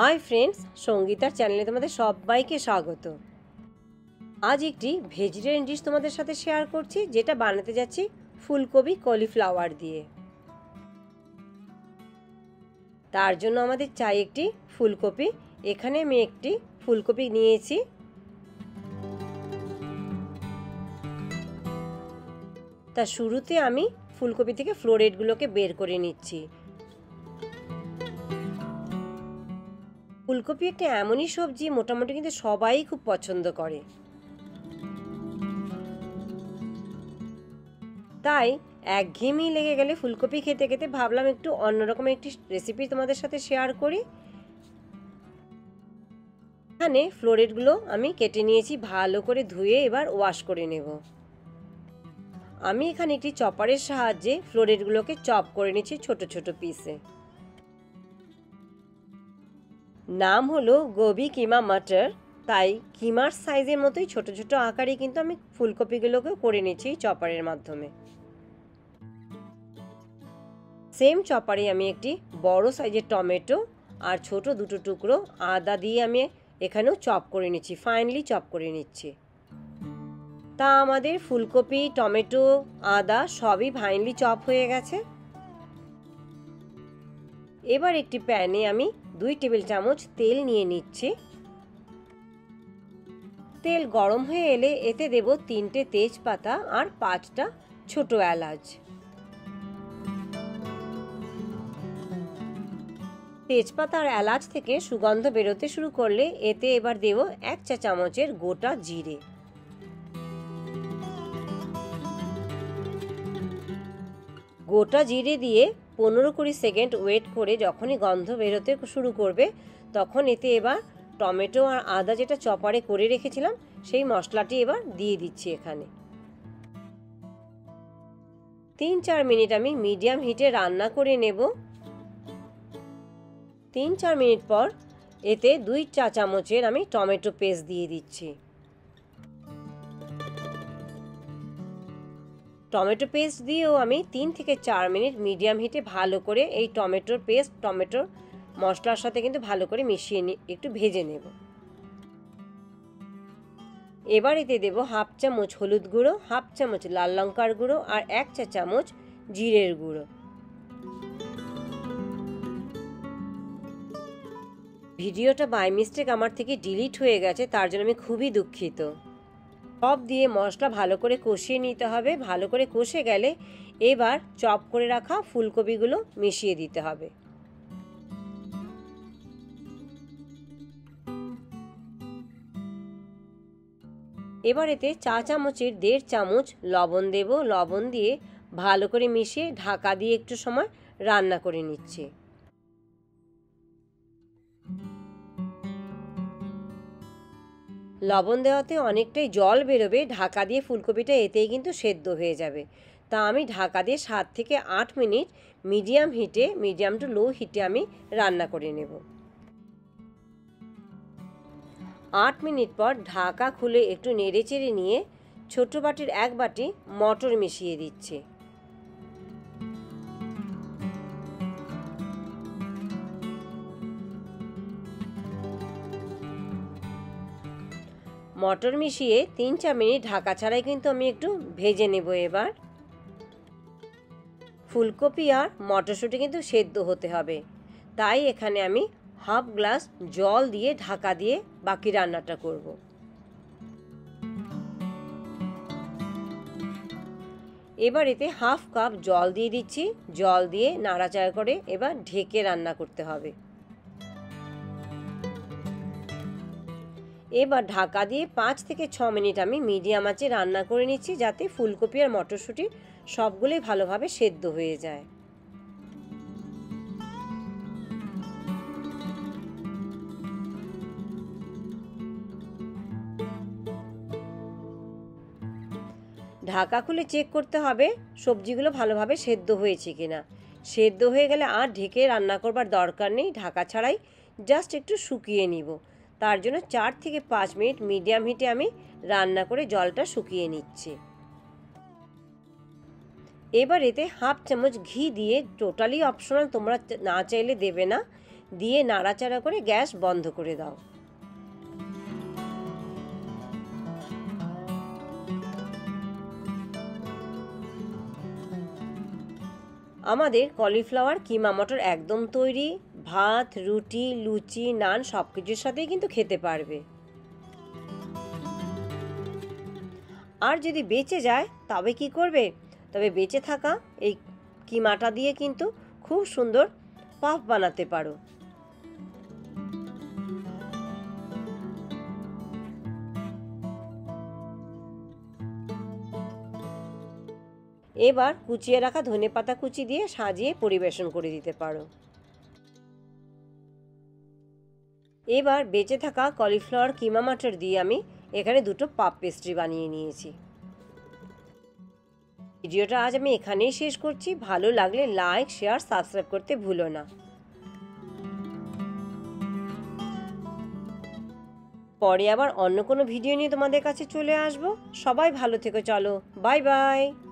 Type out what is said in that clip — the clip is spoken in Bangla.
হাই ফ্রেন্ডস সঙ্গীতার চ্যানেলে তোমাদের সবাইকে স্বাগত আজ একটি ভেজিটেরিয়ান ডিশ তোমাদের সাথে শেয়ার করছি যেটা বানাতে যাচ্ছি ফুলকপি কলিফ্লাওয়ার দিয়ে তার জন্য আমাদের চাই একটি ফুলকপি এখানে আমি একটি ফুলকপি নিয়েছি তা শুরুতে আমি ফুলকপি থেকে ফ্লোরেটগুলোকে বের করে নিচ্ছি ফুলকপি একটা এমনই সবজি মোটামুটি কিন্তু সবাই খুব পছন্দ করে তাই একঘেয়েমি লেগে গেলে ফুলকপি খেতে খেতে ভাবলাম একটু অন্যরকম একটি রেসিপি তোমাদের সাথে শেয়ার করি এখানে ফ্লোরেটগুলো আমি কেটে নিয়েছি ভালো করে ধুয়ে এবার ওয়াশ করে নেব আমি এখানে একটি চপারের সাহায্যে ফ্লোরেটগুলোকে চপ করে নিয়েছি ছোট ছোট পিসে নাম হলো গোবি কিমা মাটার তাই কিমার সাইজের মতোই ছোট ছোট আকারে কিন্তু আমি ফুলকপিগুলোকেও করে নিচ্ছি চপারের মাধ্যমে সেম চপারে আমি একটি বড় সাইজের টমেটো আর ছোট দুটো টুকরো আদা দিয়ে আমি এখানেও চপ করে নিচ্ছি ফাইনালি চপ করে নিচ্ছি তা আমাদের ফুলকপি টমেটো আদা সবই ফাইনালি চপ হয়ে গেছে এবার একটি প্যানে আমি দুই টেবিল চামচ তেল নিয়ে নিচ্ছি তেল গরম হয়ে এলে এতে দেব তিনটে তেজপাতা আর পাঁচটা ছোট এলাচ তেজপাতা আর এলাচ থেকে সুগন্ধ বেরোতে শুরু করলে এতে এবার দেব এক চা চামচের গোটা জিরে গোটা জিরে দিয়ে পনেরো কুড়ি সেকেন্ড ওয়েট করে যখনই গন্ধ বেরোতে শুরু করবে তখন এতে এবার টমেটো আর আদা যেটা চপারে করে রেখেছিলাম সেই মশলাটি এবার দিয়ে দিচ্ছি এখানে তিন চার মিনিট আমি মিডিয়াম হিটে রান্না করে নেব তিন চার মিনিট পর এতে দুই চা চামচের আমি টমেটো পেস্ট দিয়ে দিচ্ছি টমেটো পেস্ট দিয়েও আমি তিন থেকে চার মিনিট মিডিয়াম হিটে ভালো করে এই টমেটোর পেস্ট টমেটোর মশলার সাথে কিন্তু ভালো করে মিশিয়ে নি একটু ভেজে নেব এবার এতে দেবো হাফ চামচ হলুদ গুঁড়ো হাফ চামচ লাল লঙ্কার গুঁড়ো আর এক চা চামচ জিরের গুঁড়ো ভিডিওটা বাই মিস্টেক আমার থেকে ডিলিট হয়ে গেছে তার জন্য আমি খুবই দুঃখিত চপ দিয়ে মশলা ভালো করে কষিয়ে নিতে হবে ভালো করে কষে গেলে এবার চপ করে রাখা ফুলকপিগুলো মিশিয়ে দিতে হবে এবার এতে চা চামচের দেড় চামচ লবণ দেব লবণ দিয়ে ভালো করে মিশিয়ে ঢাকা দিয়ে একটু সময় রান্না করে নিচ্ছে লবণ দেওয়াতে অনেকটাই জল বেরোবে ঢাকা দিয়ে ফুলকপিটা এতেই কিন্তু সেদ্ধ হয়ে যাবে তা আমি ঢাকা দিয়ে সাত থেকে আট মিনিট মিডিয়াম হিটে মিডিয়াম টু লো হিটে আমি রান্না করে নেব আট মিনিট পর ঢাকা খুলে একটু নেড়ে চেড়ে নিয়ে ছোট বাটির এক বাটি মটর মিশিয়ে দিচ্ছে মটর মিশিয়ে তিন চার মিনিট ঢাকা ছাড়াই কিন্তু আমি একটু ভেজে নেব এবার ফুলকপি আর মটরশুঁটি কিন্তু সেদ্ধ হতে হবে তাই এখানে আমি হাফ গ্লাস জল দিয়ে ঢাকা দিয়ে বাকি রান্নাটা করব এবার এতে হাফ কাপ জল দিয়ে দিচ্ছি জল দিয়ে নাড়াচাড়া করে এবার ঢেকে রান্না করতে হবে এবার ঢাকা দিয়ে পাঁচ থেকে ছ মিনিট আমি মিডিয়াম আঁচে রান্না করে নিচ্ছি যাতে ফুলকপি আর মটরশুঁটি সবগুলোই ভালোভাবে সেদ্ধ হয়ে যায় ঢাকা খুলে চেক করতে হবে সবজিগুলো ভালোভাবে সেদ্ধ হয়েছে কিনা সেদ্ধ হয়ে গেলে আর ঢেকে রান্না করবার দরকার নেই ঢাকা ছাড়াই জাস্ট একটু শুকিয়ে নিব তার জন্য চার থেকে পাঁচ মিনিট মিডিয়াম হিটে আমি রান্না করে জলটা শুকিয়ে নিচ্ছি এবার এতে হাফ চামচ ঘি দিয়ে টোটালি অপশনাল তোমরা না চাইলে দেবে না দিয়ে নাড়াচাড়া করে গ্যাস বন্ধ করে দাও আমাদের কলিফ্লাওয়ার কিমা মটর একদম তৈরি ভাত রুটি লুচি নান সব কিছুর সাথেই কিন্তু খেতে পারবে আর যদি বেঁচে যায় তবে কি করবে তবে বেঁচে থাকা এই কিমাটা দিয়ে কিন্তু খুব সুন্দর পাফ বানাতে পারো এবার কুচিয়ে রাখা ধনে পাতা কুচি দিয়ে সাজিয়ে পরিবেশন করে দিতে পারো এবার বেঁচে থাকা কলিফ্লাওয়ার কিমা মাটার দিয়ে আমি এখানে দুটো পাপ পেস্ট্রি বানিয়ে নিয়েছি ভিডিওটা আজ আমি এখানেই শেষ করছি ভালো লাগলে লাইক শেয়ার সাবস্ক্রাইব করতে ভুলো না পরে আবার অন্য কোনো ভিডিও নিয়ে তোমাদের কাছে চলে আসব সবাই ভালো থেকো চলো বাই বাই